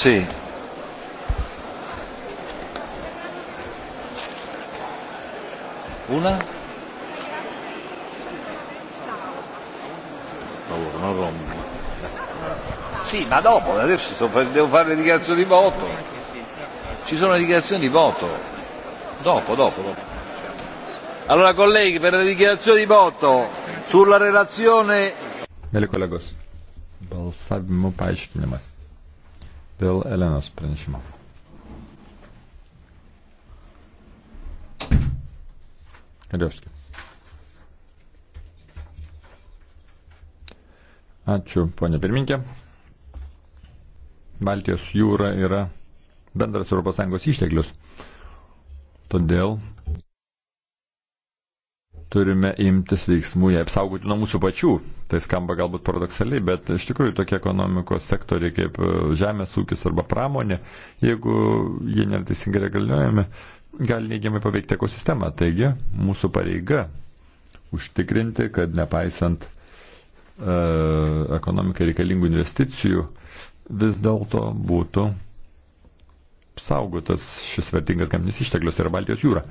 Sì. Una? Allora, non rompo. Sì, ma dopo, adesso sto per, devo fare le dichiarazioni di voto. Ci sono le dichiarazioni di voto. Dopo, dopo, dopo. Allora, colleghi, per le dichiarazioni di voto sulla relazione. Mėly kolegos, balsavimo paaiškinimas dėl Elenos pranešimo. Kadevski. Ačiū, ponė pirminkė. Baltijos jūra yra bendras ES išteklius. Todėl turime imtis veiksmų, jie apsaugoti nuo mūsų pačių. Tai skamba galbūt paradoksaliai, bet iš tikrųjų tokie ekonomikos sektoriai kaip e, žemės ūkis arba pramonė, jeigu jie nėra teisingai reguliuojami, gali neigiamai paveikti ekosistemą. Taigi mūsų pareiga užtikrinti, kad nepaisant e, ekonomikai reikalingų investicijų, vis dėlto būtų saugotas šis vertingas gamtinis išteklius ir tai Baltijos jūra.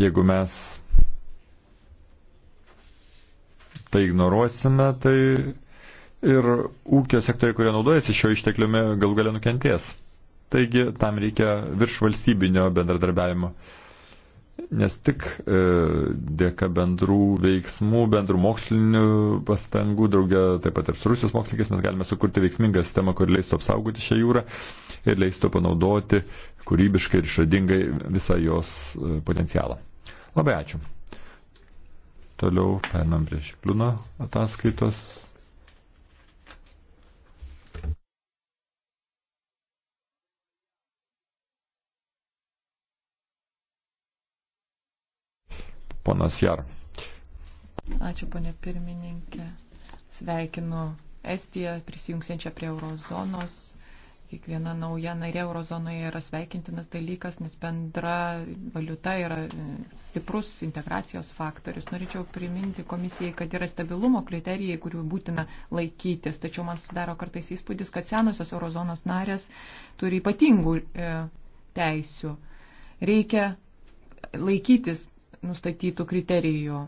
Jeigu mes tai ignoruosime, tai ir ūkio sektoriai, kurie naudojasi šio ištekliumi, gal galia nukentės. Taigi tam reikia virš valstybinio bendradarbiavimo. Nes tik e, dėka bendrų veiksmų, bendrų mokslinių pastangų, draugė taip pat ir su Rusijos mokslininkais mes galime sukurti veiksmingą sistemą, kuri leistų apsaugoti šią jūrą ir leistų panaudoti kūrybiškai ir išradingai visą jos e, potencialą. Labai ačiū. Toliau perinam prie Šiklūno ataskaitos. Ponas Jar. Ačiū, ponė pirmininkė. Sveikinu Estiją prisijungsiančią prie eurozonos kiekviena nauja narė eurozonoje yra sveikintinas dalykas, nes bendra valiuta yra e, stiprus integracijos faktorius. Norėčiau priminti komisijai, kad yra stabilumo kriterijai, kurių būtina laikytis, tačiau man sudaro kartais įspūdis, kad senosios eurozonos narės turi ypatingų e, teisių. Reikia laikytis nustatytų kriterijų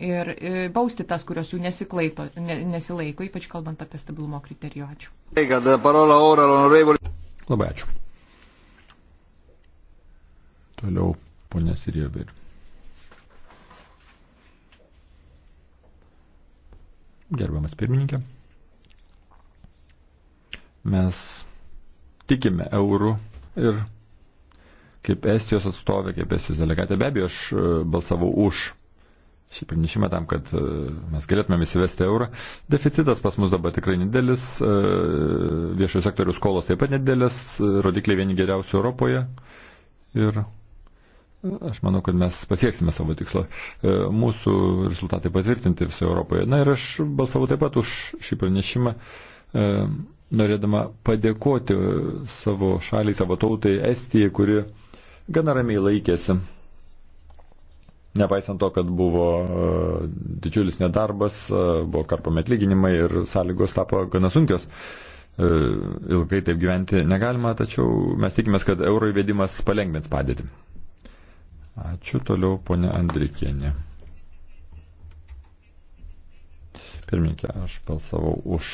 ir e, bausti tas, kurios jų nesiklaito, ne, nesilaiko, ypač kalbant apie stabilumo kriterijų. Ačiū. Labai ačiū. Toliau ponė Sirijover. Gerbiamas pirmininkė, mes tikime eurų ir kaip Estijos atstovė, kaip Estijos delegatė, be abejo, aš e, balsavau už šį pranešimą tam, kad e, mes galėtumėm įsivesti eurą. Deficitas pas mus dabar tikrai nedidelis, e, viešojo sektoriaus skolos taip pat nedidelis, e, rodikliai vieni geriausių Europoje. Ir aš manau, kad mes pasieksime savo tikslą. Mūsų rezultatai patvirtinti visoje Europoje. Na ir aš balsavau taip pat už šį pranešimą, norėdama padėkoti savo šaliai, savo tautai Estijai, kuri gana ramiai laikėsi Nepaisant to, kad buvo e, didžiulis nedarbas, e, buvo karpami atlyginimai ir sąlygos tapo gana sunkios. E, ilgai taip gyventi negalima, tačiau mes tikimės, kad euro įvedimas palengvins padėtį. Ačiū toliau, ponė Andrikienė. Pirmininkė, aš balsavau už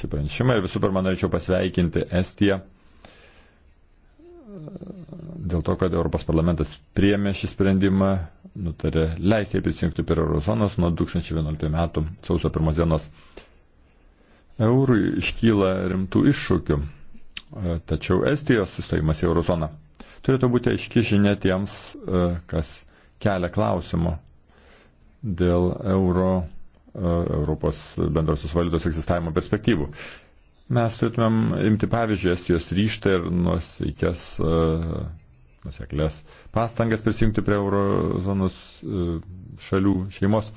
šį pranešimą ir visų pirma norėčiau pasveikinti Estiją dėl to, kad Europos parlamentas priėmė šį sprendimą, nutarė leisė prisijungti prie Eurozonos nuo 2011 metų sausio pirmos dienos. Eurui iškyla rimtų iššūkių, e, tačiau Estijos įstojimas į Eurozoną turėtų būti aiški žinia tiems, e, kas kelia klausimų dėl euro, e, Europos bendrosios valiutos egzistavimo perspektyvų. Mes turėtumėm imti pavyzdžių Estijos ryštą ir nusikės, e, nuseklės pastangas prisijungti prie eurozonos e, šalių šeimos.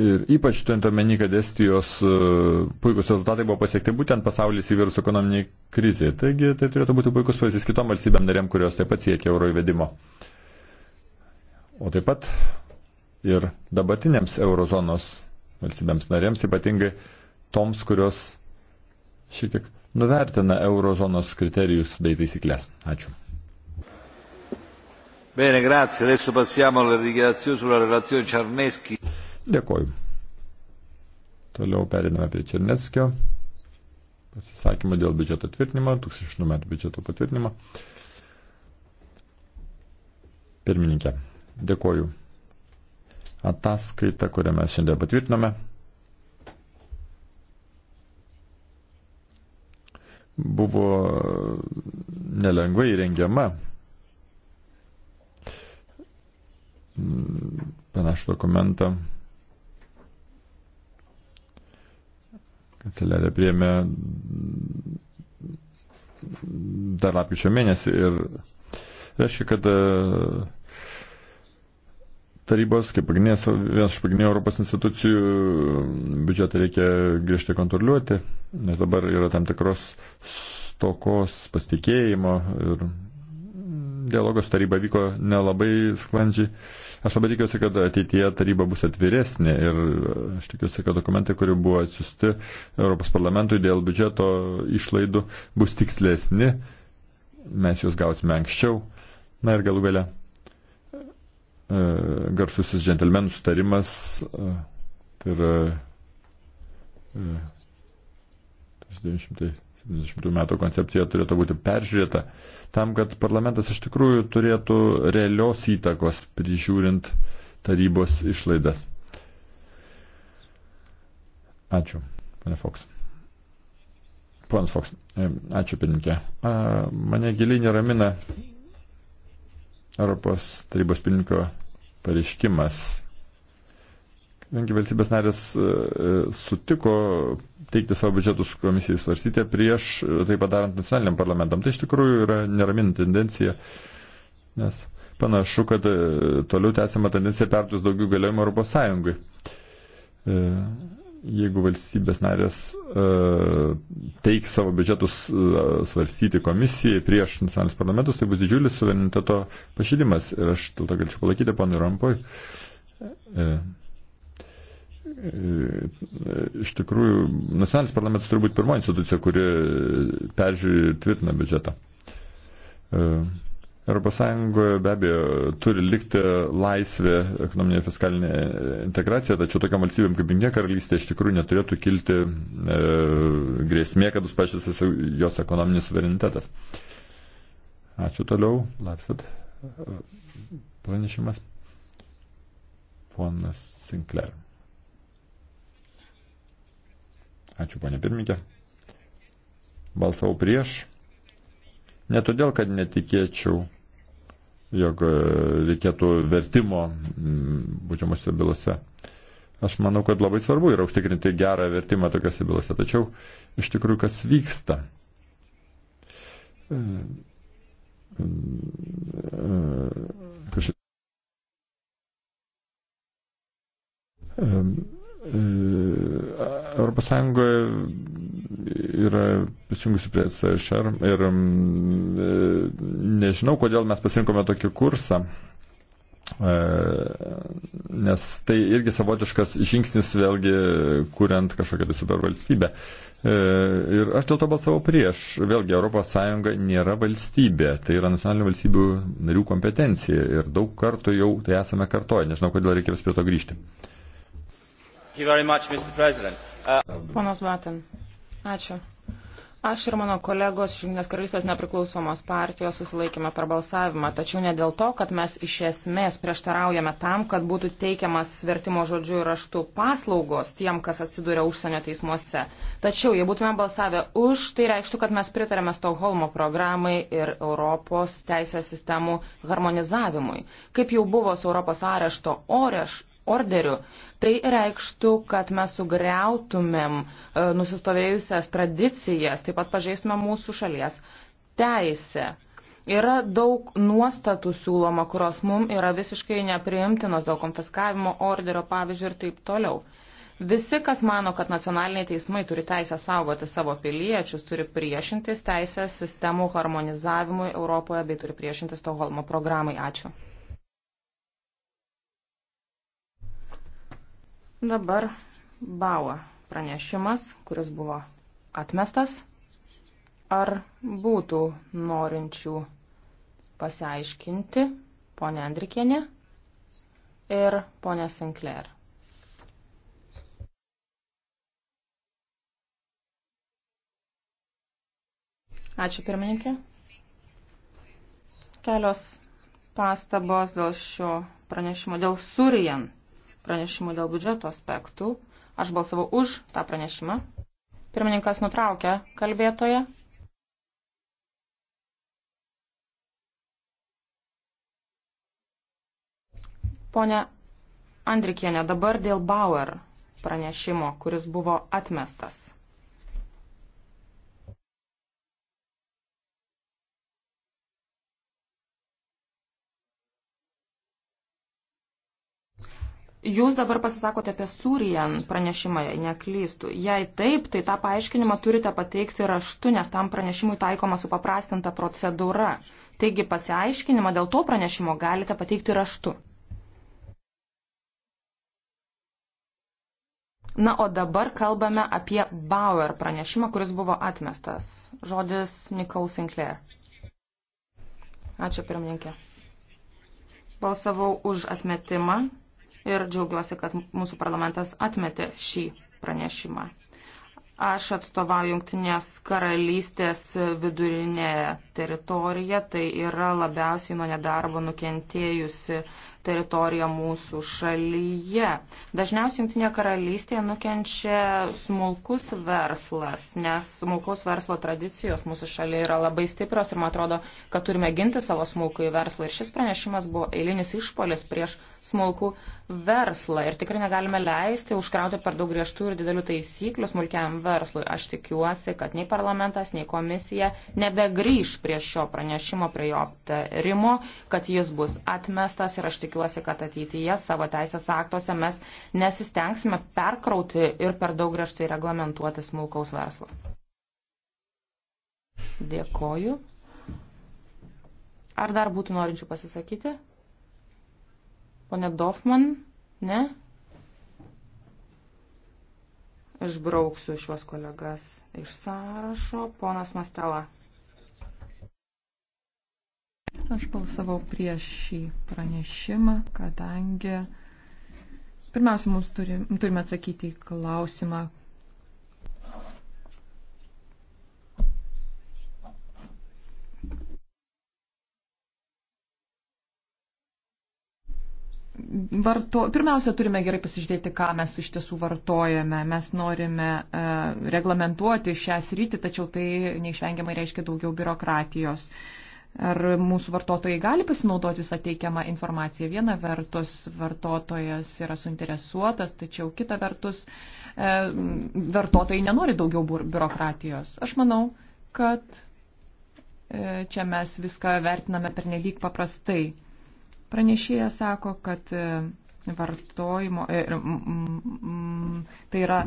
Ir ypač turint omeny, kad Estijos e, puikus rezultatai buvo pasiekti būtent pasaulis įvirus ekonominiai kriziai. Taigi tai turėtų būti puikus pavyzdys kitom valstybėm narėm, kurios taip pat siekia euro įvedimo. O taip pat ir dabartiniams eurozonos valstybėms narėms, ypatingai toms, kurios šiek tiek nuvertina eurozonos kriterijus bei taisyklės. Ačiū. Bene, grazie. Adesso passiamo alle dichiarazioni sulla relazione Czarneschi. Dėkoju. Toliau periname prie Černetskio pasisakymą dėl biudžeto tvirtinimo, 2000 metų biudžeto patvirtinimo. Pirmininkė, dėkoju ataskaitą, kurią mes šiandien patvirtinome. buvo nelengvai rengiama. Panašų dokumentą kancelerė priėmė dar lapkričio mėnesį ir reiškia, kad tarybos, kaip pagrindinės, vienas iš pagrindinių Europos institucijų, biudžetą reikia griežtai kontroliuoti, nes dabar yra tam tikros stokos pasitikėjimo ir dialogas taryba vyko nelabai sklandžiai. Aš labai tikiuosi, kad ateityje taryba bus atviresnė ir aš tikiuosi, kad dokumentai, kurie buvo atsiusti Europos parlamentui dėl biudžeto išlaidų, bus tikslesni. Mes juos gausime anksčiau. Na ir galų gale E, garsusis džentelmenų sutarimas, e, tai yra 1970 e, metų koncepcija turėtų būti peržiūrėta tam, kad parlamentas iš tikrųjų turėtų realios įtakos prižiūrint tarybos išlaidas. Ačiū, pane Foks. Ponas Foks, ačiū pirmininkė. Mane giliai neramina Europos tarybos pirmininko pareiškimas. Kadangi valstybės narės e, sutiko teikti savo biudžetus komisijai svarstyti prieš e, tai padarant nacionaliniam parlamentam, tai iš tikrųjų yra neraminti tendencija, nes panašu, kad e, toliau tęsiama tendencija perduos daugiau galiojimo Europos Sąjungai jeigu valstybės narės e, teiks savo biudžetus e, svarstyti komisijai prieš nacionalinius parlamentus, tai bus didžiulis suvereniteto pašydimas. Ir aš dėl to galėčiau palaikyti ponui Rampoj. E, iš tikrųjų, nacionalinis parlamentas turi būti pirmoji institucija, kuri peržiūri ir tvirtina biudžetą. Uh, ES be abejo turi likti laisvė ekonominė fiskalinė integracija, tačiau tokiam valstybėm kaip Junktinė karalystė iš tikrųjų neturėtų kilti e, grėsmė, kad bus pažįstas jos ekonominis suverenitetas. Ačiū toliau. Latvid pranešimas. Ponas Sinclair. Ačiū, ponė pirmininkė. Balsavau prieš Ne todėl, kad netikėčiau, jog e, reikėtų vertimo būdžiamosiose bylose. Aš manau, kad labai svarbu yra užtikrinti gerą vertimą tokiuose bylose. Tačiau iš tikrųjų, kas vyksta? E, e, kažkaip. Europos Sąjungoje yra prisijungusi prie SHR ir mm, e, nežinau, kodėl mes pasirinkome tokį kursą e, nes tai irgi savotiškas žingsnis vėlgi kuriant kažkokią tai supervalstybę. E, ir aš dėl to balsavau prieš. Vėlgi, ES nėra valstybė, tai yra nacionalinių valstybių narių kompetencija ir daug kartų jau tai esame kartoję. Nežinau, kodėl reikia vis prie to grįžti. Much, uh... Ponas Vatin. Ačiū. Aš ir mano kolegos iš Junginės karalystės nepriklausomos partijos susilaikėme per balsavimą, tačiau ne dėl to, kad mes iš esmės prieštaraujame tam, kad būtų teikiamas vertimo žodžiu ir raštų paslaugos tiem, kas atsiduria užsienio teismuose. Tačiau, jei būtume balsavę už, tai reikštų, kad mes pritarėme Stokholmo programai ir Europos teisės sistemų harmonizavimui. Kaip jau buvo su Europos arešto oreš, orderių. Tai reikštų, kad mes sugriautumėm e, nusistovėjusias tradicijas, taip pat pažeistumėm mūsų šalies teisę. Yra daug nuostatų siūloma, kurios mums yra visiškai nepriimtinos dėl konfiskavimo orderio, pavyzdžiui, ir taip toliau. Visi, kas mano, kad nacionaliniai teismai turi teisę saugoti savo piliečius, turi priešintis teisės sistemų harmonizavimui Europoje bei turi priešintis Stokholmo programai. Ačiū. Dabar Bauer pranešimas, kuris buvo atmestas. Ar būtų norinčių pasiaiškinti ponė Andrikienė ir ponė Sinclair? Ačiū pirmininkė. Kelios pastabos dėl šio pranešimo, dėl Surijan pranešimų dėl biudžeto aspektų. Aš balsavau už tą pranešimą. Pirmininkas nutraukė kalbėtoje. Pone Andrikienė, dabar dėl Bauer pranešimo, kuris buvo atmestas. Jūs dabar pasisakote apie Surijan pranešimą, jei neklystų. Jei taip, tai tą paaiškinimą turite pateikti raštu, nes tam pranešimui taikoma supaprastinta procedūra. Taigi pasiaiškinimą dėl to pranešimo galite pateikti raštu. Na, o dabar kalbame apie Bauer pranešimą, kuris buvo atmestas. Žodis Nicole Sinclair. Ačiū, pirmininkė. Balsavau už atmetimą, ir džiaugiuosi, kad mūsų parlamentas atmetė šį pranešimą. Aš atstovauju Junktinės karalystės vidurinę teritoriją, tai yra labiausiai nuo nedarbo nukentėjusi teritoriją mūsų šalyje. Dažniausiai Junktinėje karalystėje nukenčia smulkus verslas, nes smulkus verslo tradicijos mūsų šalyje yra labai stiprios ir man atrodo, kad turime ginti savo smulkų verslą. Ir šis pranešimas buvo eilinis išpolis prieš smulkų verslą ir tikrai negalime leisti užkrauti per daug griežtų ir didelių taisyklių smulkiam verslui. Aš tikiuosi, kad nei parlamentas, nei komisija nebegrįž prie šio pranešimo, prie jo aptarimo, kad jis bus atmestas ir aš tikiuosi, tikiuosi, kad ateityje savo teisės aktuose mes nesistengsime perkrauti ir per daug griežtai reglamentuoti smulkaus verslo. Dėkoju. Ar dar būtų norinčių pasisakyti? Pone Dofman, ne? Išbrauksiu šiuos kolegas iš sąrašo. Ponas Mastela. Aš balsavau prieš šį pranešimą, kadangi pirmiausia, mums turim, turime atsakyti į klausimą, varto, pirmiausia, turime gerai pasižiūrėti, ką mes iš tiesų vartojame. Mes norime uh, reglamentuoti šią sritį, tačiau tai neišvengiamai reiškia daugiau biurokratijos. Uh, Ar mūsų vartotojai gali pasinaudoti visą teikiamą informaciją? Viena vertus vartotojas yra suinteresuotas, tačiau kita vertus e, vartotojai nenori daugiau biurokratijos. Aš manau, kad e, čia mes viską vertiname pernelyg paprastai. Pranešėja sako, kad e, vartojimo, e, tai yra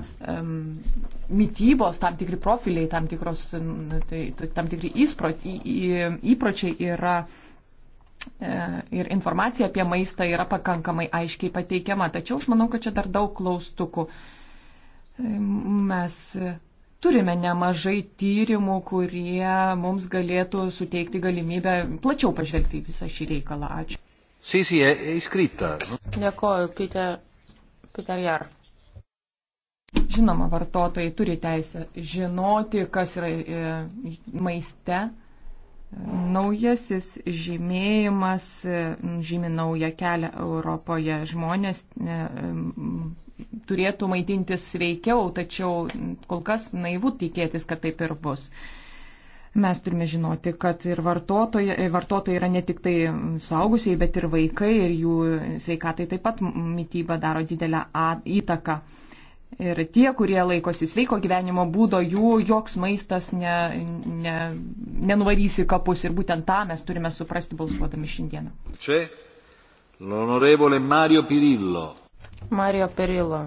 mytybos tam tikri profiliai, tam, tikros, tai, tai, tam tikri įpročiai yra e, ir informacija apie maistą yra pakankamai aiškiai pateikiama. Tačiau aš manau, kad čia dar daug klaustukų. E, mes turime nemažai tyrimų, kurie mums galėtų suteikti galimybę plačiau pažvelgti į visą šį reikalą. Ačiū. Sì, sì, è, è iscritta. Dėkoju, Peter, Peter Jar. Žinoma, vartotojai turi teisę žinoti, kas yra e, maiste. Naujasis žymėjimas e, žymi naują kelią Europoje. Žmonės e, turėtų maitintis sveikiau, tačiau kol kas naivu tikėtis, kad taip ir bus. E, Mes turime žinoti, kad ir vartotojai, vartotojai yra ne tik tai suaugusiai, bet ir vaikai ir jų sveikatai taip pat mytyba daro didelę įtaką. Ir tie, kurie laikosi sveiko gyvenimo būdo, jų joks maistas ne, ne, nenuvarys į kapus. Ir būtent tą mes turime suprasti balsuodami šiandieną. Čia l'onorevole Mario Pirillo. Mario Pirillo.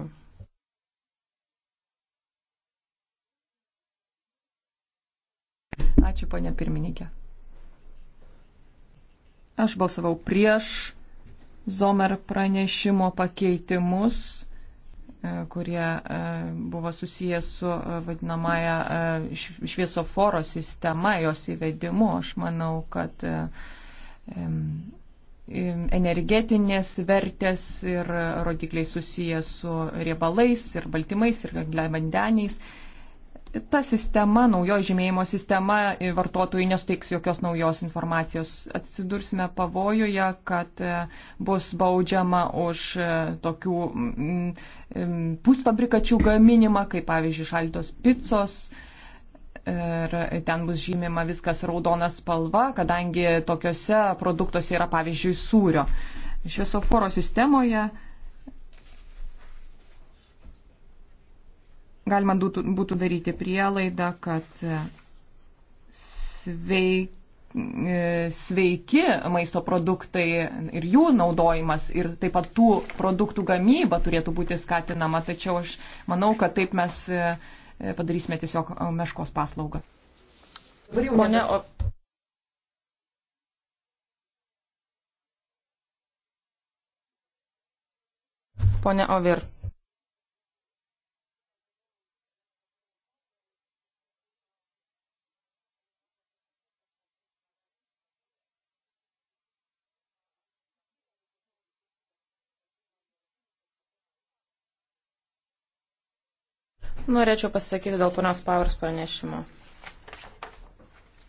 Ačiū, ponė pirmininkė. Aš balsavau prieš Zomer pranešimo pakeitimus, e, kurie e, buvo susijęs su e, vadinamąją šviesoforo sistema, jos įvedimu. Aš manau, kad energetinės vertės ir rodikliai susiję su riebalais ir baltymais ir vandeniais ta sistema, naujoji žymėjimo sistema vartotojai nesuteiks jokios naujos informacijos. Atsidursime pavojuje, kad e, bus baudžiama už e, tokių pusfabrikačių gaminimą, kaip pavyzdžiui šaltos picos. Ir ten bus žymima viskas raudona spalva, kadangi tokiuose produktuose yra pavyzdžiui sūrio. Šviesoforo sistemoje uh, galima būtų daryti prielaidą, kad e, sveik, e, sveiki maisto produktai ir jų naudojimas ir taip pat tų produktų gamyba turėtų būti skatinama, tačiau aš manau, kad taip mes e, padarysime tiesiog meškos paslaugą. Pone, o... Pone Ovir. Norėčiau pasakyti dėl ponios Powers pranešimo.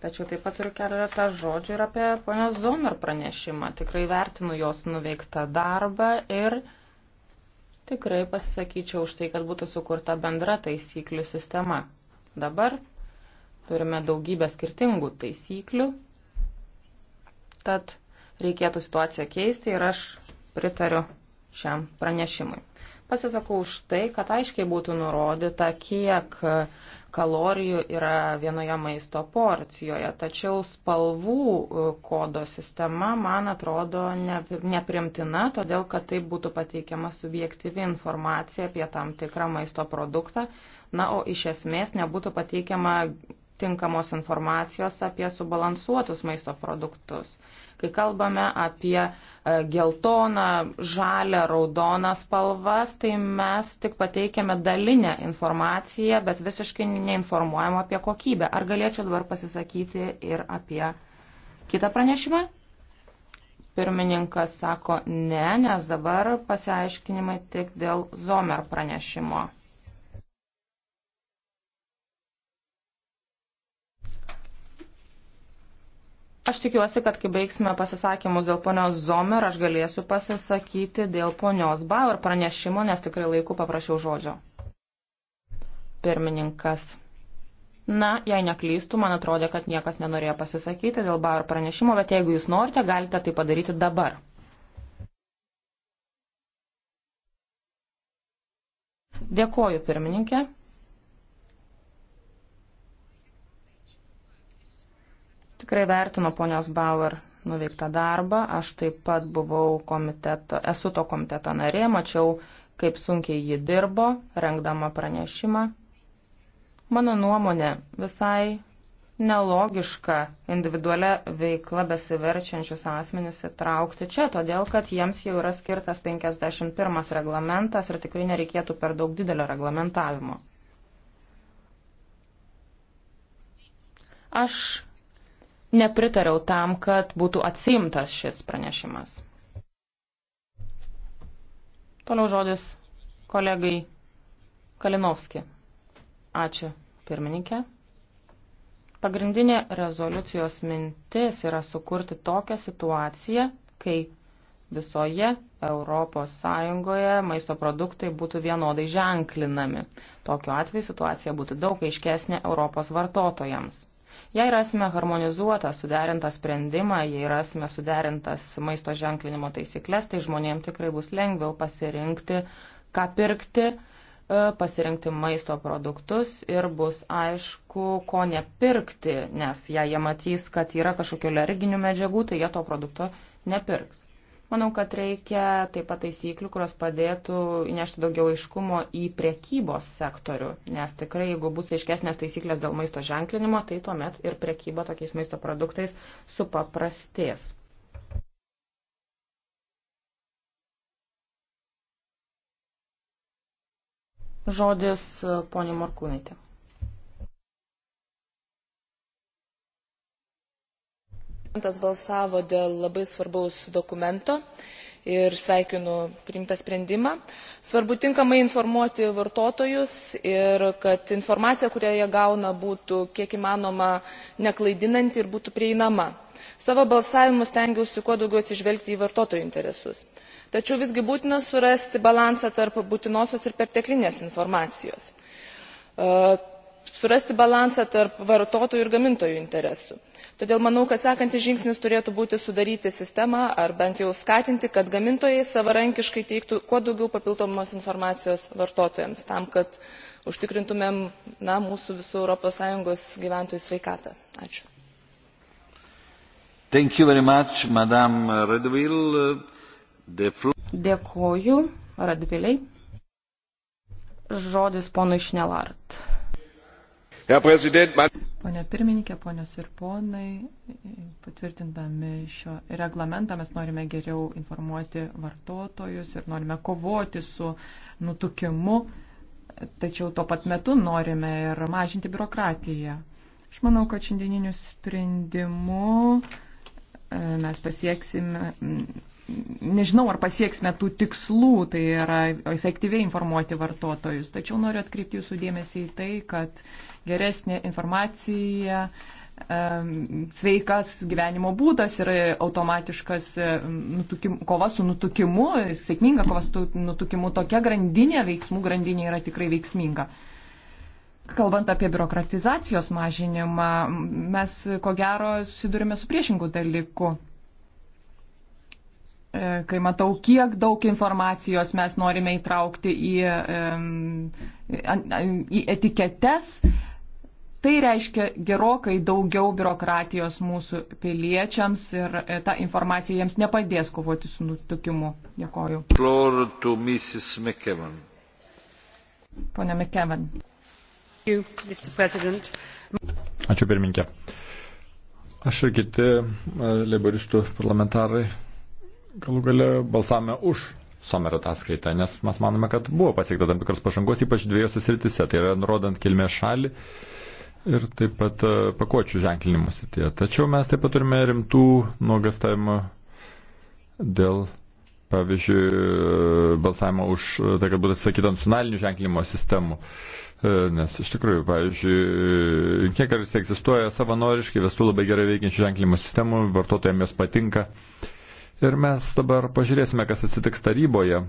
Tačiau taip pat turiu keletą žodžių ir apie ponios Zomer pranešimą. Tikrai vertinu jos nuveiktą darbą ir tikrai pasisakyčiau už tai, kad būtų sukurta bendra taisyklių sistema. Dabar turime daugybę skirtingų taisyklių, tad reikėtų situaciją keisti ir aš pritariu šiam pranešimui pasisakau už tai, kad aiškiai būtų nurodyta, kiek kalorijų yra vienoje maisto porcijoje, tačiau spalvų e, kodo sistema, man atrodo, neprimtina, todėl kad tai būtų pateikiama subjektyvi informacija apie tam tikrą maisto produktą, na, o iš esmės nebūtų pateikiama tinkamos informacijos apie subalansuotus maisto produktus. Kai kalbame apie e, geltoną, žalę, raudoną spalvas, tai mes tik pateikėme dalinę informaciją, bet visiškai neinformuojam apie kokybę. Ar galėčiau dabar pasisakyti ir apie kitą pranešimą? Pirmininkas sako ne, nes dabar pasiaiškinimai tik dėl Zomer pranešimo. Aš tikiuosi, kad kai baigsime pasisakymus dėl ponios Zomer, aš galėsiu pasisakyti dėl ponios Bauer pranešimo, nes tikrai laiku paprašiau žodžio. Pirmininkas. Na, jei neklystų, man atrodė, kad niekas nenorėjo pasisakyti dėl Bauer pranešimo, bet jeigu jūs norite, galite tai padaryti dabar. Dėkoju, pirmininkė. tikrai vertinu ponios Bauer nuveiktą darbą. Aš taip pat buvau komiteto, esu to komiteto narė, mačiau, kaip sunkiai ji dirbo, rengdama pranešimą. Mano nuomonė visai nelogiška individualią veiklą besiverčiančius asmenis įtraukti čia, todėl kad jiems jau yra skirtas 51 reglamentas ir tikrai nereikėtų per daug didelio reglamentavimo. Aš nepritariau tam, kad būtų atsimtas šis pranešimas. Toliau žodis kolegai Kalinovski. Ačiū, pirmininkė. Pagrindinė rezoliucijos mintis yra sukurti tokią situaciją, kai visoje Europos Sąjungoje maisto produktai būtų vienodai ženklinami. Tokiu atveju situacija būtų daug aiškesnė Europos vartotojams. Jei rasime harmonizuotą, suderintą sprendimą, jei rasime suderintas maisto ženklinimo taisyklės, tai žmonėms tikrai bus lengviau pasirinkti, ką pirkti, e, pasirinkti maisto produktus ir bus aišku, ko nepirkti, nes jei jie matys, kad yra kažkokių alerginių medžiagų, tai jie to produkto nepirks. Manau, kad reikia taip pat taisyklių, kurios padėtų įnešti daugiau aiškumo į priekybos sektorių, nes tikrai, jeigu bus aiškesnės taisyklės dėl maisto ženklinimo, tai tuomet ir priekyba tokiais maisto produktais supaprastės. Žodis e, poniai Morkūnaitė. Parlamentas balsavo dėl labai svarbaus dokumento ir sveikinu priimtą sprendimą. Svarbu tinkamai informuoti vartotojus ir kad informacija, kurią jie gauna, būtų kiek įmanoma neklaidinanti ir būtų prieinama. Savo balsavimu stengiausi kuo daugiau atsižvelgti į vartotojų interesus. Tačiau visgi būtina surasti balansą tarp būtinosios ir perteklinės informacijos surasti balansą tarp vartotojų ir gamintojų interesų. todėl manau kad sekantis žingsnis turėtų būti sudaryti sistemą ar bent jau skatinti kad gamintojai savarankiškai teiktų kuo daugiau papildomos informacijos vartotojams tam kad užtikrintumėme mūsų visų europos sąjungos gyventojų sveikatą. ačiū. Much, Dėkuoju, Radviliai. Žodis ponui Šnelart. Pone pirmininkė, ponios ir ponai, patvirtindami šio reglamentą mes norime geriau informuoti vartotojus ir norime kovoti su nutukimu, tačiau tuo pat metu norime ir mažinti biurokratiją. Aš manau, kad šiandieniniu sprendimu e, mes pasieksime nežinau, ar pasieksime tų tikslų, tai yra efektyviai informuoti vartotojus. Tačiau noriu atkreipti jūsų dėmesį į tai, kad geresnė informacija, sveikas gyvenimo būdas ir automatiškas nutukim, kova su nutukimu, sėkminga kova su nutukimu, tokia grandinė, veiksmų grandinė yra tikrai veiksminga. Kalbant apie biurokratizacijos mažinimą, mes ko gero susidurime su priešingų dalyku E, kai matau, kiek daug informacijos mes norime įtraukti į, į etiketes, tai reiškia gerokai daugiau biurokratijos mūsų piliečiams ir e, ta informacija jiems nepadės kovoti su nutukimu. Dėkoju. Pone McKevin. Ačiū pirmininkė. Aš ir kiti e, leiboristų parlamentarai galų gale balsavome už Somer ataskaitą, nes mes manome, kad buvo pasiekta tam tikras pažangos, ypač dviejose sritise, tai yra nurodant kilmės šalį ir taip pat e, pakuočių ženklinimus. Tačiau mes taip pat turime rimtų nuogastavimų dėl, pavyzdžiui, e, balsavimo už, e, tai kad būtų atsakyta nacionalinių ženklinimo sistemų. Nes iš tikrųjų, pavyzdžiui, kiek ar jis egzistuoja savanoriškai, visų labai gerai veikiančių ženklinimo sistemų, vartotojams jos patinka. Uh, Ir mes dabar pažiūrėsime, kas atsitiks taryboje,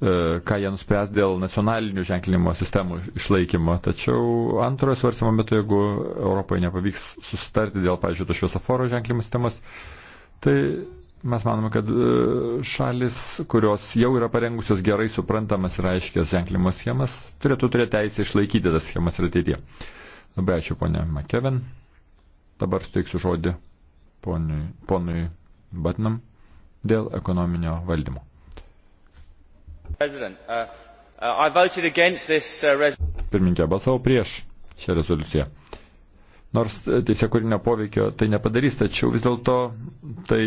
e, ką jie nuspręs dėl nacionalinių ženklinimo sistemų išlaikymo. Tačiau antrojo svarstymo metu, jeigu Europoje nepavyks susitarti dėl, pavyzdžiui, to šviesoforo ženklinimo sistemos, tai mes manome, kad e, šalis, kurios jau yra parengusios gerai suprantamas ir aiškės ženklinimo schemas, turėtų turėti teisę išlaikyti tas schemas ir ateityje. Labai ačiū, ponė Makeven. Dabar suteiksiu žodį ponui, ponui Batnam dėl ekonominio valdymo. Uh, uh, uh Pirmininkė, balsavau prieš šią rezoliuciją. Nors uh, teisė kūrinio poveikio tai nepadarys, tačiau vis dėlto tai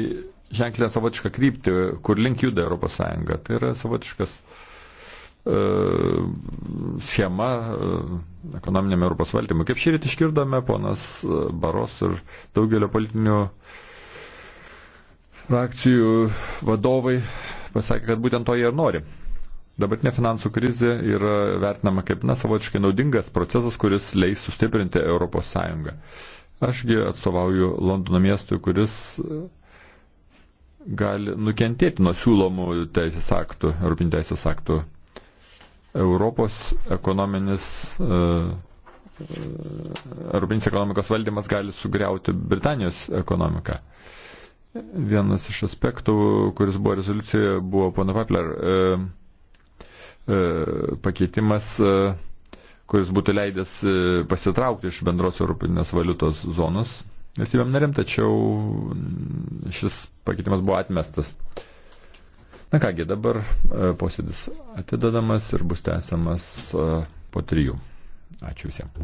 ženklina savotišką kryptį, kur link juda ES. Tai yra savotiškas uh, schema uh, ekonominėme Europos valdymui. Kaip šį rytį išgirdome, ponas uh, Baros ir daugelio politinių uh, frakcijų vadovai pasakė, kad būtent to jie ir nori. Dabartinė finansų krizė yra vertinama kaip na, savotiškai naudingas procesas, kuris leis sustiprinti ES. Ašgi atstovauju Londono miestui, kuris e, gali nukentėti nuo siūlomų teisės aktų, europinių teisės aktų. Europos ekonominis, e, e, europinis ekonomikos valdymas gali sugriauti Britanijos ekonomiką. Uh, Vienas iš aspektų, kuris buvo rezoliucijoje, buvo pono Papler e, e, pakeitimas, e, kuris būtų leidęs e, pasitraukti iš bendros europinės valiutos zonos valstybėm narėm, tačiau šis pakeitimas buvo atmestas. Na kągi, dabar e, posėdis atidedamas ir bus tęsiamas e, po trijų. Ačiū visiems.